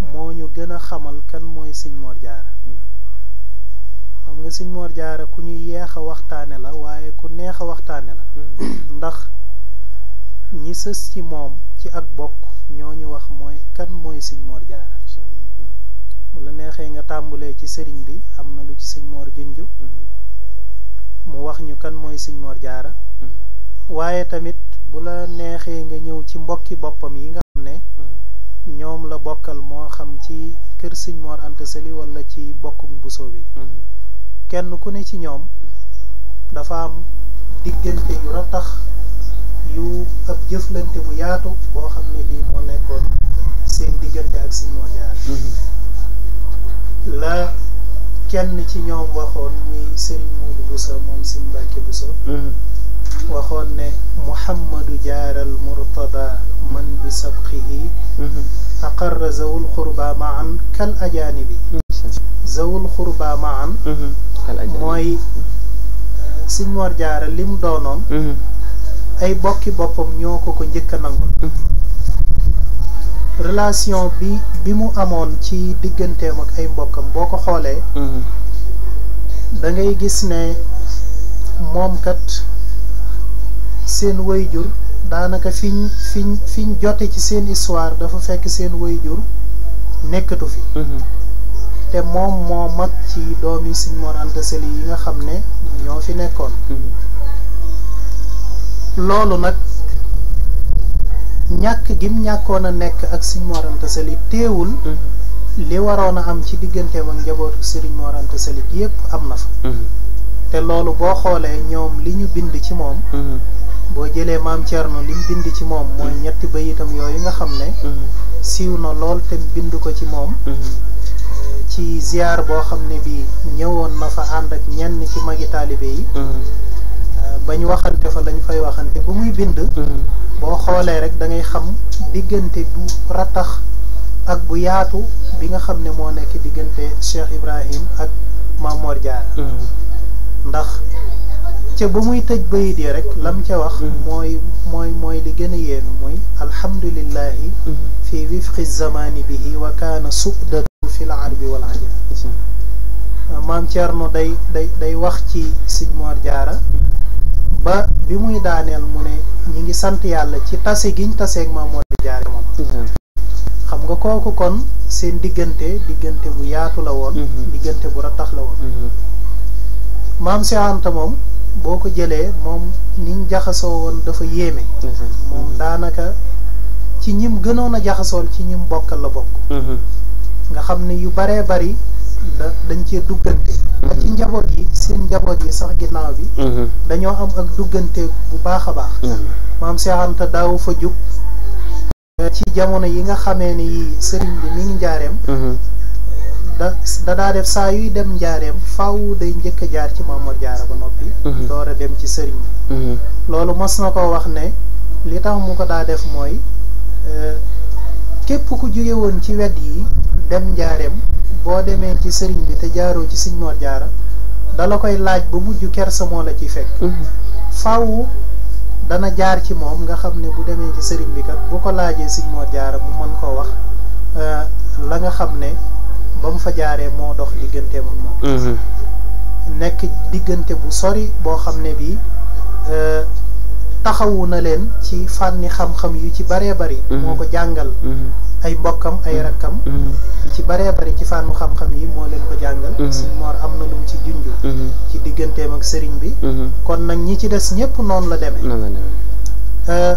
moo ñu gën a xamal kan mooy sëñ Mor Jaara mm. xam nga sëñ moor Jaara ku ñuy yeex a waxtaane la waaye ku neex a waxtaane la mm. ndax ñi sës ci moom ci ak bokk ñoo ñu wax mooy kan mooy sëñ moor Jaara mm. la neexee nga tàmbulee ci sëriñ bi am na lu ci sëñ wax ñu kan mooy sëñ Mor Jaara waaye tamit bu la neexee nga ñëw ci mbokki boppam yi nga ñoom la bokkal moo xam ci kër Sëñ Mor Anta Sali wala ci bokkum Bousso bi kenn ku ne ci ñoom dafa am diggante yu ratax yu ab jëflante bu yaatu boo xam ne bii moo nekkoon seen diggante ak Sëñ Mor Jaara la kenn ci ñoom waxoon muy Serigne Modou Bousso moom Sëñ Mbàkke Bousso waxoon ne muhammadu jaaral murtada man bi sabqihi mhm. aqarra zawul xurba maan kal ajaani bi zawul xurba maan mhm. mooy siñ war jaara li doonoon mhm. ay bokki boppam ñoo ko ko njëkk a nangul relation bi mu amoon ci digganteem ak ay mbokkam boo ko xoolee da gis ne moom kat seen wayjur daanaka fiñ fiñ fiñ jote ci seen histoire dafa fekk seen wayjur nekkatu fi mhm. te moom moo mag ci doomi Sëñ Mor yi nga xam ne ñoo fi nekkoon mhm. loolu nag ñàkk gim ñàkkoon a nekk ak Sëñ Mor Anta teewul mhm. li waroon a am ci digganteem ak njabootu Sëriñ Mor Anta yépp am na fa te loolu boo xoolee ñoom li ñu bind ci moom mm-hmm. boo jëlee maam Thierno li bind ci moom mooy mm-hmm. ñetti bayitam yooyu nga xam ne mm-hmm. siiw na lool te bind ko ci moom ci ziar boo xam ne bi ñëwoon na fa ànd ak ñenn ci magi taalibe yi bañ waxante fa lañ fay waxante ba muy bind boo xoolee rek dangay ngay xam diggante bu rattax ak bu yaatu bi nga xam ne moo nekk diggante Cheikh Ibrahim ak Mamor Diarra ndax ca ba muy tëj bayit yi rek lam ca wax mm-hmm. mooy mooy mooy li gën a yéeme muy alhamdulillahi mm-hmm. fi wifqi zamani bihi wa kaana suqdatu fi l arabi wal ajam euh, maam Thierno day day day wax ci Sëñ Mor Jaara mm-hmm. ba bi muy daaneel mu ne ñu ngi sant yàlla ci tase giñ taseeg maam Mor Jaara moom xam nga kooku kon seen diggante diggante bu yaatu la woon diggante bu rattax la woon maam Cheikh moom boo ko jëlee moom niñ jaxasoo woon dafa yéeme. Mm-hmm. moom daanaka ci ñim gënoon a jaxasool ci ñim bokkal la bokk. Mm-hmm. nga xam ne yu baree bari da dañ cee duggante. ba ci mm-hmm. njaboot yi seen njaboot yi sax ginnaaw bi. dañoo am ak duggante bu baax a baax. maam Cheikh Anta fa jug. ci jamono yi nga xamee ni sëriñ bi mi ngi njaareem. da daa def saa yuy dem njaareem faw day njëkk jaar ci Maam Mor Jaara ba noppi. Mhm. door a dem ci sëriñ bi. Mhm. loolu mos na ko wax ne li tax mu ko daa def mooy euh, képp ku jóge woon ci wet yi dem njaareem boo demee ci sëriñ bi te jaaroo ci sëñ Mor Jaara dala koy laaj ba mujj ker moo la ciy fekk. Mhm. faw dana jaar ci moom nga xam ne bu demee ci sëriñ bi kat bu ko laajee sëñ Mor Jaara mu mën koo wax euh, la nga xam ne. ba mu fa jaaree moo dox digganteem ak moom. Mhm. nekk diggante bu sori boo xam ne bii euh, taxawu na leen ci fànni xam-xam yu ci baree bari. Mhm. moo ko jàngal. Mhm. ay mbokkam ay rakkam. ci baree bari ci fànnu xam-xam yi moo leen ko jàngal. suñ moor am na lu mu ci junju. ci digganteem ak sëriñ bi. kon nag ñi ci des ñëpp noonu la demee. Euh,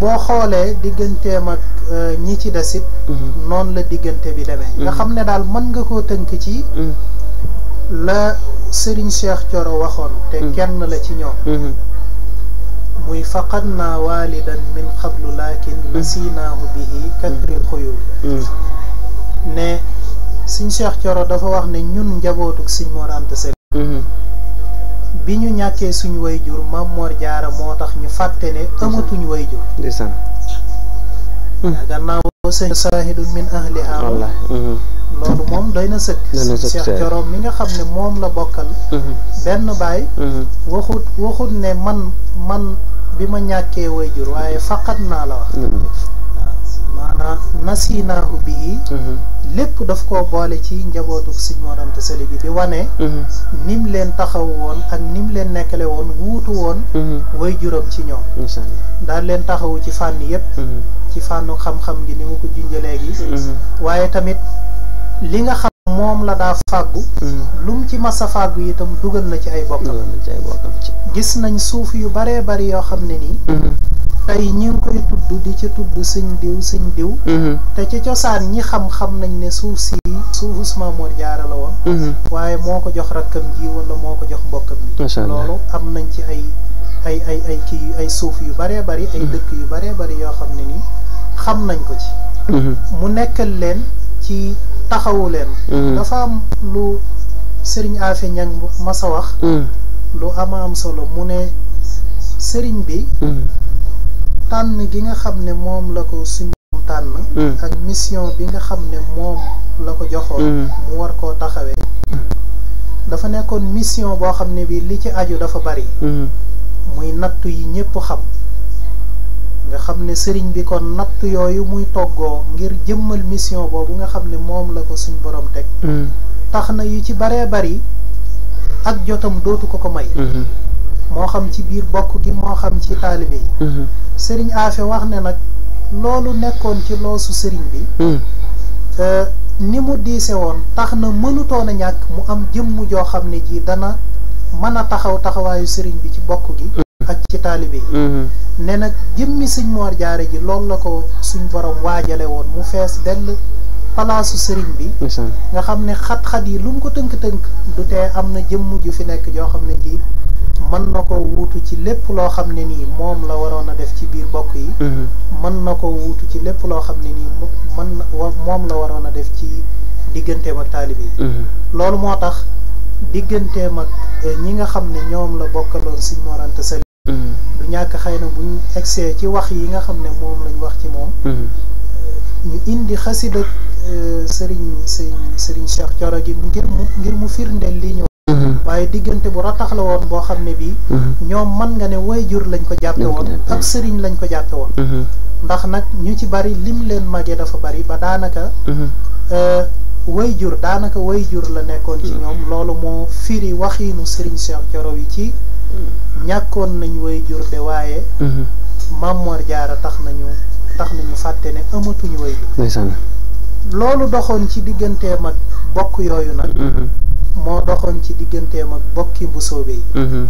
boo xoolee digganteem ak euh, ñi ci desit mm-hmm. noonu la diggante bi demee nga mm-hmm. xam ne daal mën nga koo tënk ci mm-hmm. la sëriñ Cheikh coro waxoon te kenn la ci ñoom muy faqad naa waalidan min qablu laakin nasinaahu bihi katri xuyul ne sëriñ Cheikh coro dafa wax ne ñun njabootuk sëriñ Mor Anta bi ñu ñàkkee suñu way jur Maam Mor Jaara moo tax ñu fàtte ne amatuñu way jur ndeysaan gannaaw hmm. sëñ saahidun min ahliha hmm. loolu moom day na sëkk Cheikh Coroom mi nga xam ne moom la bokkal hmm. benn baay waxut waxut ne man man bi ma ñàkkee way jur waaye faqat naa la wax maanaam nasinaahu bii mhm. lépp daf ko boole ci njabootu sëñ Mor Anta Sali wane mhm. nim leen taxaw woon ak nim leen nekkale woon wuutu woon mhm. way juróom ci ñoom daal leen taxawu ci fànn yépp ci fànnu xam-xam ni mu ko junjee léegi waaye tamit li nga xam moom la daa fàggu ci masa fàggu itam dugal na ci ay bokkam gis nañ suuf yu baree bari yoo xam ne nii tey ñi ngi koy tudd di ca tudd sëñ diw sëñ diw mhm. te ci cosaan ñi xam-xam nañ ne suuf si suufu Ousmane Mor Diarra woon mhm. waaye moo ko jox rakkam ji wala moo ko jox mbokkam yi loolu am nañ ci ay ay ay ay kii ay suuf yu baree bari ay mhm. dëkk yu baree bari yoo xam ne nii xam nañ ko ci mu nekkal leen ci taxawu leen dafa am lu sëriñ Afe Ñang mas a wax lu ama am solo mu ne sëriñ bi tànn gi nga xam ne moom la ko suñ tànn mm. mission bi nga xam ne moom la ko joxoon mm. war koo taxawee dafa nekkoon mission boo xam ne bi li ci aju dafa bari mm. muy nattu yi ñépp nga xam ne sëriñ bi kon natt yooyu muy toggoo ngir jëmmal mission boobu nga xam ne moom la ko suñ borom teg tax na yu ci baree bari ak jotam dootu ko ko may mm-hmm. moo xam ci biir bokk gi moo xam ci taalibe yi mhm. sëriñ Afe wax ne nag loolu nekkoon ci loosu sëriñ bi mhm. ni mu diise woon tax na mënutoon a ñàkk mu am jëmm joo xam ne jii dana mën a taxaw taxawaayu sëriñ bi ci bokk gi mhm. ak ci taalibe yi ne nag jëmmi suñ moor jaare ji loolu la ko suñ borom waajale woon mu fees dell palaasu sëriñ bi nga xam ne xat-xat yi lu mu ko tënk-tënk du tee am na jëmm ju fi nekk joo xam ne ji man na ko wuutu ci lépp loo xam ne nii moom la waroon a def ci biir bokk yi man mhm. na ko wuutu ci lépp loo xam ne nii moom la waroon a def ci digganteem ak taalibe yi mhm. loolu moo tax digganteem ak euh, ñi nga xam ne ñoom la bokkaloon Sëñ Mor Anta mhm. du ñàkk xëy na buñ egsee ci wax yi nga xam ne moom lañ wax ci moom ñu indi xasida euh, sëriñ sëriñ sëriñ Cheikh Thioro gi ngir mu ngir mu firndeel Mm-hmm. waaye diggante bu ratax la woon boo xam ne bii mm-hmm. ñoom mën nga ne waajur lañ ko jàppe woon mm-hmm. ak sëriñ lañ ko jàppe woon ndax nag ñu ci bari lim leen mage dafa bari ba daanaka euh, waajur daanaka waajur la nekkoon ci ñoom loolu moo firi waxiinu sëriñ Cheikh Thioro yi ci ñàkkoon nañ waajur de waaye jaar a tax nañu tax nañu fàtte ne amatuñu waajur loolu doxoon ci digganteem ak bokk yooyu nag moo doxoon ci digganteem ak bokki Mbusoobe yi mm-hmm.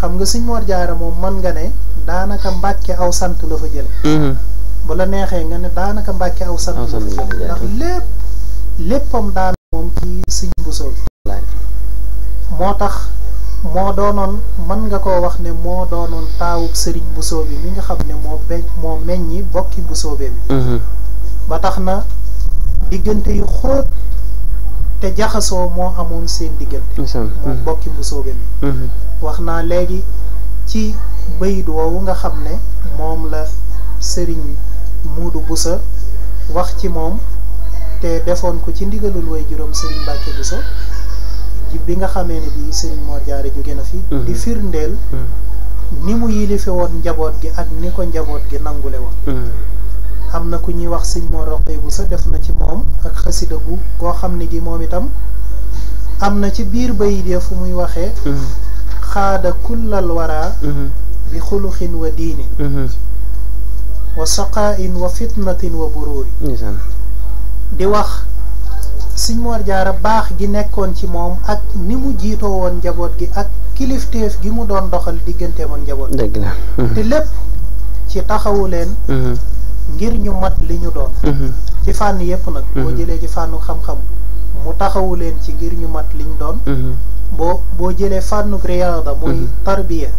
xam nga Sëñ Mor Jaara moom mën nga ne daanaka Mbàkke aw sant la fa mm-hmm. neexee nga ne daanaka Mbàkke aw sant la fa jële ndax lépp léppam daan moo tax moo doonoon mën nga ko wax ne moo doonoon taawub sëriñ Mbusoobe mi nga xam ne moo moo meññi bokki Mbusoobe bi mm-hmm. ba tax na diggante yu xóot te jaxasoo moo amoon seen diggante moom mm-hmm. bokki mbusoobe mi mm-hmm. wax naa léegi ci bayit woowu nga xam ne moom la sëriñ muudu busa wax ci moom te defoon ko ci ndigalul way juróom sëriñ mbàkke buso bi nga xamee ne bi sëriñ moor jaare jóge na fi mm-hmm. di firndeel ni mu yilife woon njaboot gi ak ni ko njaboot gi nangule woon am na ku ñuy wax sëñ moo roqee bu sa def na ci moom ak xasida bu goo xam ne gi moom itam am na ci biir bayit ya fu muy waxee mhm. xaada kullal wara mhm. bi xuluxin wa diinin mhm. wa saqaain wa fitnatin wa buruuri di wax sëñ Mor Jaara baax gi nekkoon ci moom ak ni mu jiitoo woon njaboot gi ak kilifteef gi mu doon doxal digganteem ak njaboot gi te lépp ci taxawu leen ngir ñu mat li ñu doon mhm. ci fànn yépp nag boo mhm. jëlee ci fànnu xam-xam mu taxawu leen ci ngir ñu mat liñ doon mhm. boo boo jëlee fànnuk riyaada mooy tarbiya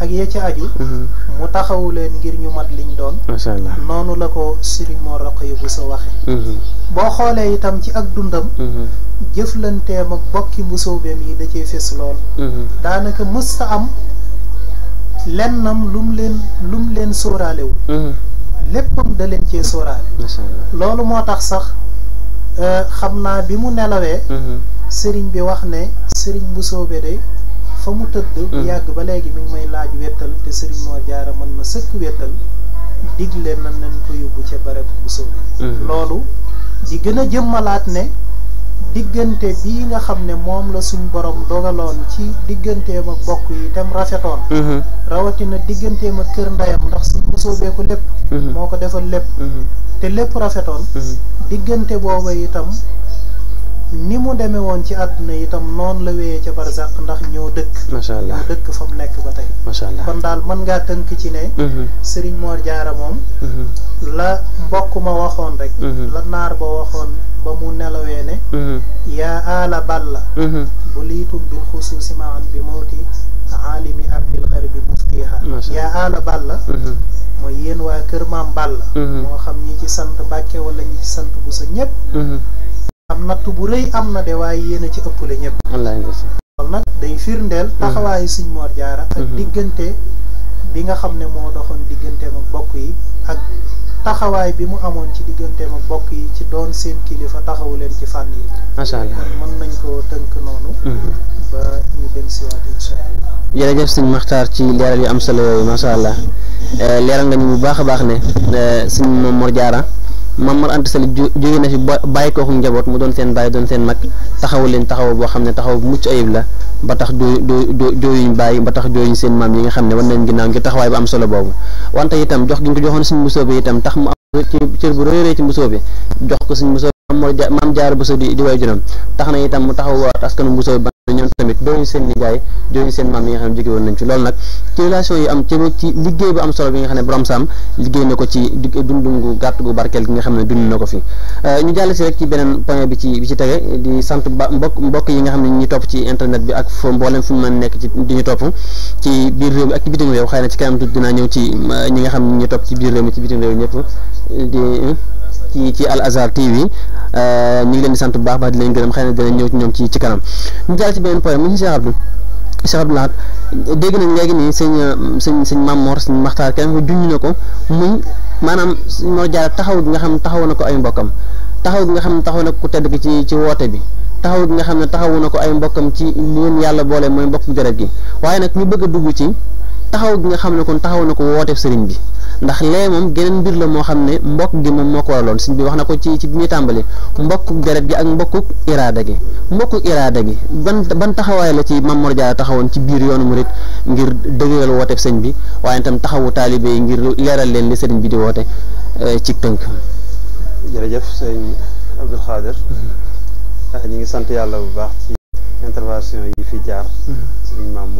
ak ya ci aju mu taxawu leen ngir ñu mat liñ doon masha Allah noonu la ko Sëriñ Mor Rokhaya Bousso waxe boo xoolee itam ci ak dundam jëflanteem ak bokki mbusoobeem yi da cee fes lool daanaka mës sa am lennam lum leen lum leen sóoraalewul léppam da leen cee sóoraale. loolu moo tax sax euh, xam naa bi mu nelawee. Mm-hmm. sëriñ bi wax ne sëriñ bu soobee de fa mu tëdd. bu mm-hmm. yàgg ba léegi mi ngi may laaj wettal te sëriñ moo Jaara mën na sëkk wettal digle nan nañ ko yóbbu ca barab bu soobee. Mm-hmm. loolu di gën a jëmmalaat ne. diggante bii nga xam ne moom la suñ borom dogaloon ci digganteem ak bokk yi tam rafetoon mhm. rawatina digganteem ak kër ndeyam ndax suñ ko lépp mhm. moo ko defal lépp mhm. te lépp rafetoon diggante booba itam ni mu demee woon ci àdduna yitam noonu la wéyee ca barzaq ndax ñoo dëkk. macha allah dëkk fa mu nekk ba tey. macha allah daal mën ngaa tënk ci ne. Mhm. Serigne Mor Diarra moom. Mhm. la mbokk ma waxoon rek. Mhm. la naar ba waxoon ba mu nelawee ne. yaa aala la bu liitu bil xusuusi maan bi moo mawti aalimi abdil xaribi muftiha yaa aala la mooy yéen waa kër maam balla. moo xam ñi ci sant Mbàkke wala ñi ci sant sa ñëpp. am natt bu rëy am na de waaye yéen a ci ëppale ñëpp. loolu nag day firndeel. Mhm. taxawaayu Sëñ Mor ak mhm. diggante bi nga xam ne moo doxoon digganteem ak bokk yi ak taxawaay bi mu amoon ci digganteem ak bokk yi ci doon seen kilifa taxawu leen ci fànn yi. macha allah nañ koo tënk noonu. Mhm. ba si waat incha allah. ci leeral yu am solo yooyu macha allah eh, nga ñu bu baax a baax ne eh, sëñ Mor Jaara maam Mor Anta Sali jóge na fi bàyyi kooku njaboot mu doon seen bàyyi doon seen mag taxawu leen taxaw boo xam ne taxaw bu mucc ayib la ba tax doo doo jooyuñ bàyyi ba tax ne war nañ jox gi ñu ko joxoon suñ musoo bi itam tax mu am ci cër bu réeree ci musoo bi jox ko suñ musoo maam Mor maam Jaara Buso di di waajuram tax na itam mu taxaw askan musoo bi ñoom tamit dooñu seen nijaay dooñu seen maam yi nga xam ne jóge woon nañ ci loolu nag ci relation yi am ci ci liggéey bu am solo bi nga xam ne borom saam liggéey na ko ci dundum gu gàtt gu barkeel gi nga xam ne dund na ko fi euh, ñu jàll si rek ci beneen point bi ci bi ci tege di sant ba mbokk mbokk yi nga xam ne ñu topp ci internet bi ak fo mboolem fu mu mën nekk ci di ñu topp ci biir réew mi ak ci bitim réew xëy na ci kanam tuuti dinaa ñëw ci nga xam ne ci biir réew mi ci bitim ñëpp ci ci Al Azhar TV euh, ñu ngi leen di sant bu baax baax di leen gërëm xëy na dinañ ñëw ci ñoom ci ci kanam ñu jàll ci beneen point mu ñu si Cheikh Abdou Cheikh Abdou Lahad dégg nañ léegi nii sëñ sëñ sëñ Mame Mor sëñ Maxtaar kenn ko junñ na ko muy maanaam sëñ Mor taxaw gi nga xam taxaw na ko ay mbokkam taxaw gi nga xam ne taxaw na ko ku tedd ki ci ci woote bi taxaw gi nga xam ne taxawu na ko ay mbokkam ci li leen yàlla boole mooy mbokk deret gi waaye nag ñu bëgg a dugg ci taxaw gi nga xam ne kon taxaw na ko wooteef sëriñ bi ndax lee moom geneen mbir la moo xam ne mbokk gi moom moo ko waraloon sëriñ bi wax na ko ci ci bi muy tàmbali mbokkuk gi ak mbokkuk iraada gi mbokkuk iraada gi ban ban taxawaay la ci Mame Mor Diarra taxawoon ci biir yoonu murit ngir dëgëral wooteef sëriñ bi waaye tam taxawu taalibe yi ngir leeral leen li sëriñ bi di woote euh, ci tënk jërëjëf sëñ ñu mm-hmm. euh, ngi sant yàlla bu baax ci intervention yi fi jaar mm-hmm.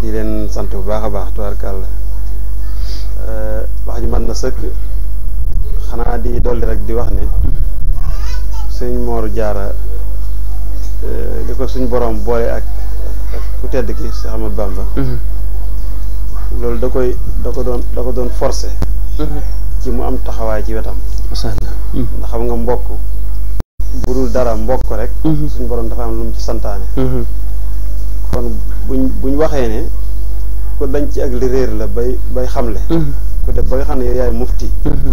di leen sant bu baax a baax tubaarkàlla eh, wax ji mën na sëkk xanaa di rek di wax ne suñ Jaara eh, li suñ borom boole ak ak ku tedd ki Seex Ahmadu mhm. da koy da doon da doon forcé mhm. ci mu am taxawaay ci wetam mhm. ndax xam nga mbokk bu dul dara mbokk rek suñ borom dafa am lu mu ci santaane kon buñ buñ waxee ne ku dañ ci ak li réer la bay bay xamle. Mm-hmm. ku def ba nga xam ne yow yaay mufti. Mm-hmm.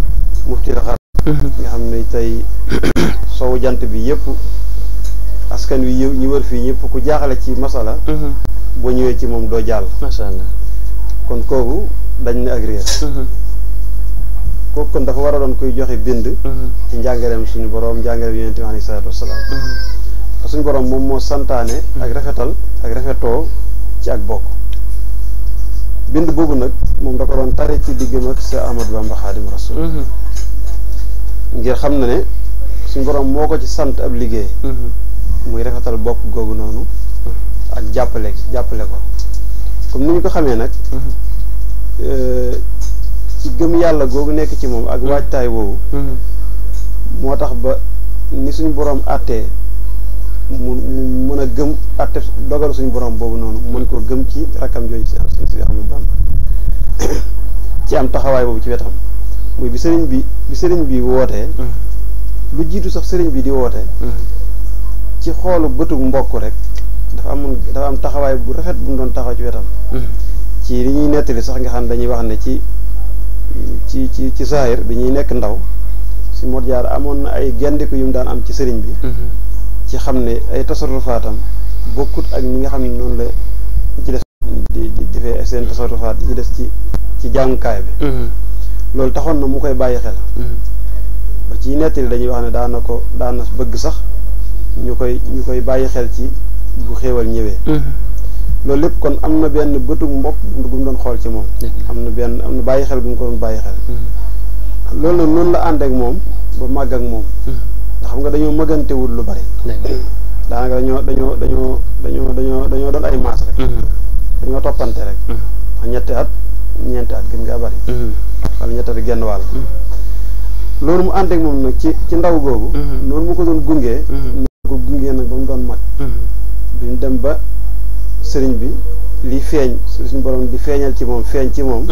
mufti la mm-hmm. nga xam ne tey sowu jant bi yëpp askan wi ñu war fii ñëpp ku jaaxale ci masala. boo ñëwee ci moom doo jàll. macha kon kooku dañ ne ak réer. kooku kon dafa war a doon koy joxe bind. ci njàngaleem suñu borom njàngaleem yonent bi alayhi salaatu salaam. te suñu borom moom moo santaane mm-hmm. ak rafetal ak rafetoo ci ak bokk bind boobu nag moom da ko doon tare ci diggam ak sa Ahmadou Bamba Xaadim Rasul mm-hmm. ngir xam na ne suñ borom moo ko ci sant ab liggéey mm-hmm. muy rafetal bokk googu noonu ak jàppale jàppale ko comme ni ñu ko xamee nag euh, ci gëm yàlla googu nekk ci moom ak waajtaay woowu moo tax ba ni suñu borom àttee mu mu mën a gëm atte dogalu suñu borom boobu noonu mën koo gëm ci rakkam jooju si si Ahmadu Bamba ci am taxawaay boobu ci wetam muy bi sëriñ bi bi sëriñ bi wootee mm-hmm. lu jiitu sax sëriñ bi di woote mm-hmm. ci xoolu bëtu mbokk rek dafa amoon dafa am taxawaay bu rafet bu mu doon taxaw ci wetam mm-hmm. ci li ñuy nettali sax nga xam dañuy wax ne ci ci ci ci saahir bi ñuy nekk ndaw si Mor Jaara amoon na ay gendiku yu mu daan am ci sëriñ bi ci xam ne ay tasarufaatam bokkut ak ñi nga xam ne noonu la ci des di di defee seen tasarufaat yi des ci ci jàngukaay bi mhm. loolu taxoon na mu koy bàyyi xel mhm. ci nettali dañuy wax ne daana ko daana bëgg sax ñu koy ñu koy bàyyi xel ci bu xéewal ñëwee mhm. loolu lépp kon am na benn bëtug mbokk gu mu doon xool ci moom am na benn am na bàyyi xel gu mu ko doon bàyyi xel loolu nag noonu la ànd ak moom ba màgg ak moom xam nga dañoo mëgantewul lu bari daanaka dañoo dañoo dañoo dañoo dañoo dañoo doon ay maas rek mm-hmm. dañoo toppante rek wax mm-hmm. ñetti at ñeenti at gën ngaa bari mm-hmm. wala ñetti at genn wàll loolu mu ànd ak moom nag ci ci ndaw googu noonu mu ko doon gungee ñu ko gungee nag ba mu doon mag duñ dem ba sëriñ bi li feeñ suñ borom di feeñal ci moom feeñ ci moom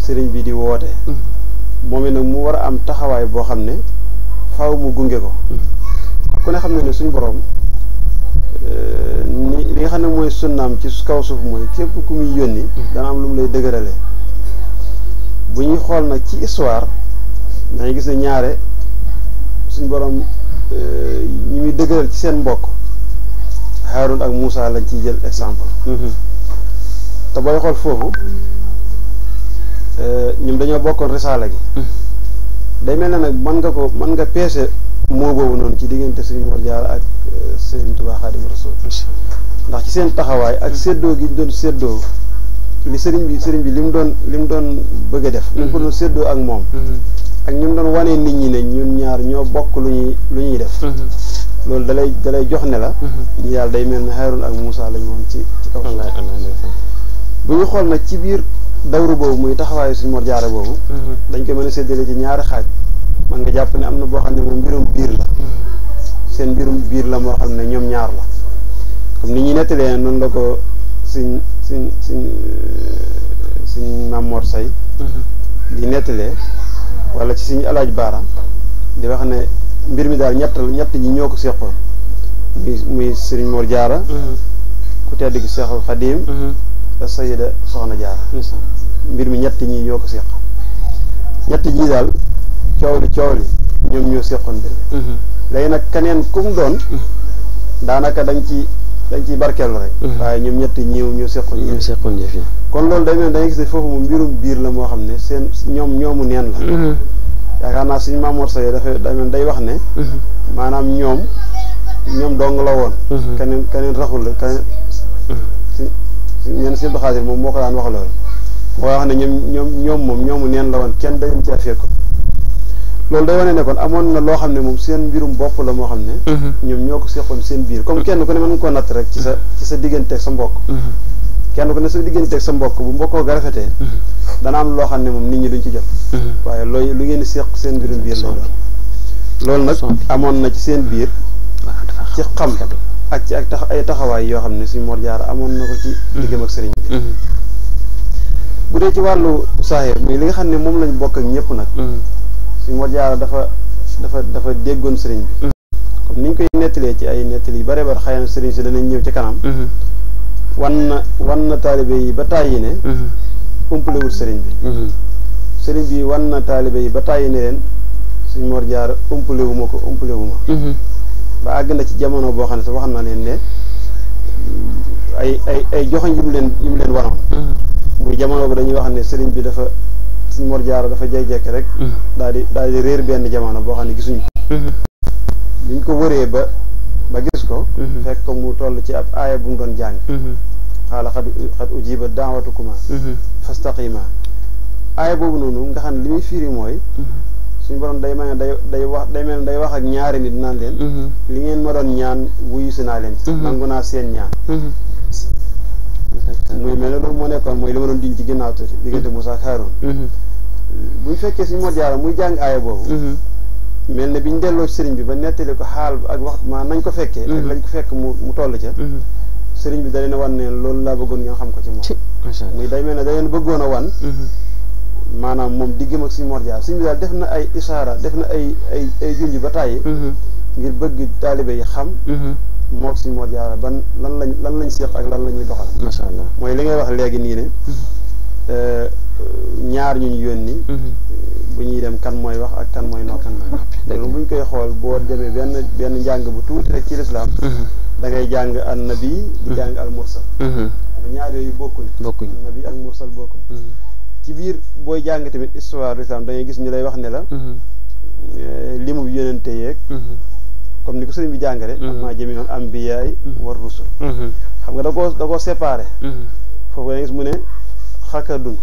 sëriñ bi di woote moom it nag mu war a am taxawaay boo xam ne faaw mu gunge ko ku ne xam ne ne suñu boroom eh, ni nga xam ne mooy sunnaam ci kaw suuf mooy képp ku muy yónni dana am lu mu lay dëgërale bu ñuy xool nag ci histoire dañuy gis ne ñaare suñu borom eh, ñu muy dëgëral ci seen mbokk Haarun ak Muusa lañ ci jël exemple mm-hmm. te booy xool foofu eh, ñoom dañoo bokkoon risaala gi mm-hmm. day mel na nag mën nga ko mën nga peese moo boobu noonu ci diggante Serigne Mor Diarra ak euh, seen Touba Khadim Rasoul ndax ci seen taxawaay ak mm-hmm. seddoo gi doon seddoo li sëriñ bi sëriñ bi li mu doon li mu doon bëgg def mm-hmm. li séddoo ak moom mm-hmm. ak ñu mu doon nit ñi ne ñun ñaar ñoo bokk lu ñuy lu ñuy def loolu dalay dalay jox ne la ñu yàlla day mel ne Haarun ak Moussa lañu woon ci ci kaw bu ñu xool nag ci biir dawru boobu muy taxawaayu suñ Mor Jaara boobu mhm. dañ koy mën a séddale ci ñaari xaaj man nga jàpp ne am na boo xam ne moom mbirum biir la mhm. seen mbirum biir la moo xam ne ñoom ñaar la comme ni ñuy nettalee noonu la ko suñ suñ suñ suñ Say mhm. di nettalee walla ci suñu alaaj baara di wax ne mbir mi daal ñett ñett ñi ñoo ko seqoon muy muy sëriñ Mor Jaara ku tedd gi Seexul Xadiim sayida soxna jaar mbir mi ñetti ñi ñoo ko seq ñett ñi daal coow li coow li ñoom ñoo seqoon mbir mi mhm. léegi nag keneen ku doon mhm. daanaka dañ ci dañ ciy barkeelu rek mhm. waaye ñoom ñett ñiiw ñoo seqoon ñoo seqoon jëf kon loolu day mel dañuy gis ne foofu mu mbirum biir la moo xam ne seen ñoom ñoomu neen la yaakaar naa suñu Maam Mor Seye dafay day wax ne maanaam ñoom ñoom dong la woon keneen keneen raxul la neen si Abdou Xaadir moom moo ko daan wax loolu moo wax ne ñoom ñoom ñoom moom ñoomu neen la woon kenn dañu caa fekk loolu day wane nekkoon amoon na loo xam ne moom seen mbirum bopp la moo xam ne mhm. ñoom ñoo ko seqoon seen biir comme kenn ku ne mën nga ci sa ci sa digganteeg sa mbokk mhm. kenn ku ne sa digganteeg sa mbokk bu mbokkoo ga rafetee mhm. dana loo xam ne moom nit ñi duñ ci jot waaye looy lu ngeen seq seen mbirum biir la doon loolu nag amoon na ci seen biir ci xam ak ci ak tax ay taxawaay yoo xam ne suñ Mor Jaara amoon na ko ci mm-hmm. diggam ak sëriñ bi mm-hmm. bu dee ci wàllu saahir muy li nga xam ne moom lañ bokk ak ñëpp nag mm-hmm. suñ Mor Jaara dafa dafa dafa déggoon sëriñ bi comme ni koy nettalee ci ay nettali yu bare bare xëy na si danañ ñëw ci kanam wan na wan yi ba tàyyi ne umpalewul sëriñ bi bi wan na yi ba tàyyi ne leen suñ Mor Jaara umpalewu ma ko umpalewu ba àgg na ci jamono boo xam ne sax waxam naa leen ne ay ay ay joxoñ yu mu leen yu leen waroon. Mm-hmm. muy jamono bu dañuy wax ne sëriñ bi dafa suñ Mor Jaara dafa jékki-jékki rek. Mm-hmm. daal di daal di réer benn jamono boo xam ne gisuñ ko. Mm-hmm. ko wëree ba ba gis ko. fekk ko mu toll ci ab aaya bu mu doon jàng. xaala xad xad ujiba daawatu kuma. fastaqima aaya boobu noonu nga xam ne li muy firi mooy. suñu borom day mel ne day wax day mel ne day wax ak ñaari nit naan leen. Mhm. li ngeen ma doon ñaan wuyusi naa leen. Mhm. nangu naa seen ñaan. Mhm. muy mel ne loolu moo nekkoon mooy li ma doon diñ ci ginnaaw tuuti diggante Moussa ak Haroun. bu fekkee suñ Mor Jaara muy jàng aaya boobu. mel ne bi ñu delloo sëriñ bi ba nettalee ko xaal ak wax ma nañ ko fekkee. ak lañ ko fekk mu mu toll ca. sëriñ bi da leen a wan ne loolu laa bëggoon ngeen xam ko ci moom. muy day mel ne da leen bëggoon a wan. maanaam moom diggam ak suñu Mor Diarra suñ bi daal def na ay isaara def na ay ay ay ba tàyyi mhm. ngir bëgg taalibe yi xam mhm. mook si Mor Diarra ban lan lañ lan lañ séq ak lan la ñuy doxal macha allah mooy li ngay wax léegi nii ne mhm. euh, ñaar ñu ñu ni bu ñuy dem kan mooy wax ak kan mooy noppi loolu bu ñu koy xool boo demee benn benn njàng bu tuuti rek ci lislaam da ngay jàng an nabi di jàng al mursal ñaar yooyu bokkuñ bokkuñ nabi ak mursal bokkuñ ci biir booy jàng tamit histoire de l'islam da ngay gis ñu lay wax ne la. Mhm. Eh, limu yonente yeeg. Mhm. comme ni ko sëriñ bi jàngale. Mhm. amma jamiul ambiyaay war rusul. xam nga da koo da koo séparé. foofu da ngay gis mu ne xakadun.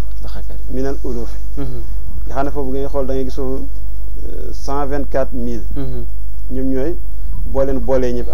minal ulufi. nga xam ne foofu ngay xool da ngay gisoo eh, cent vingt quatre mille. ñoom ñooy boo leen boolee ñëpp.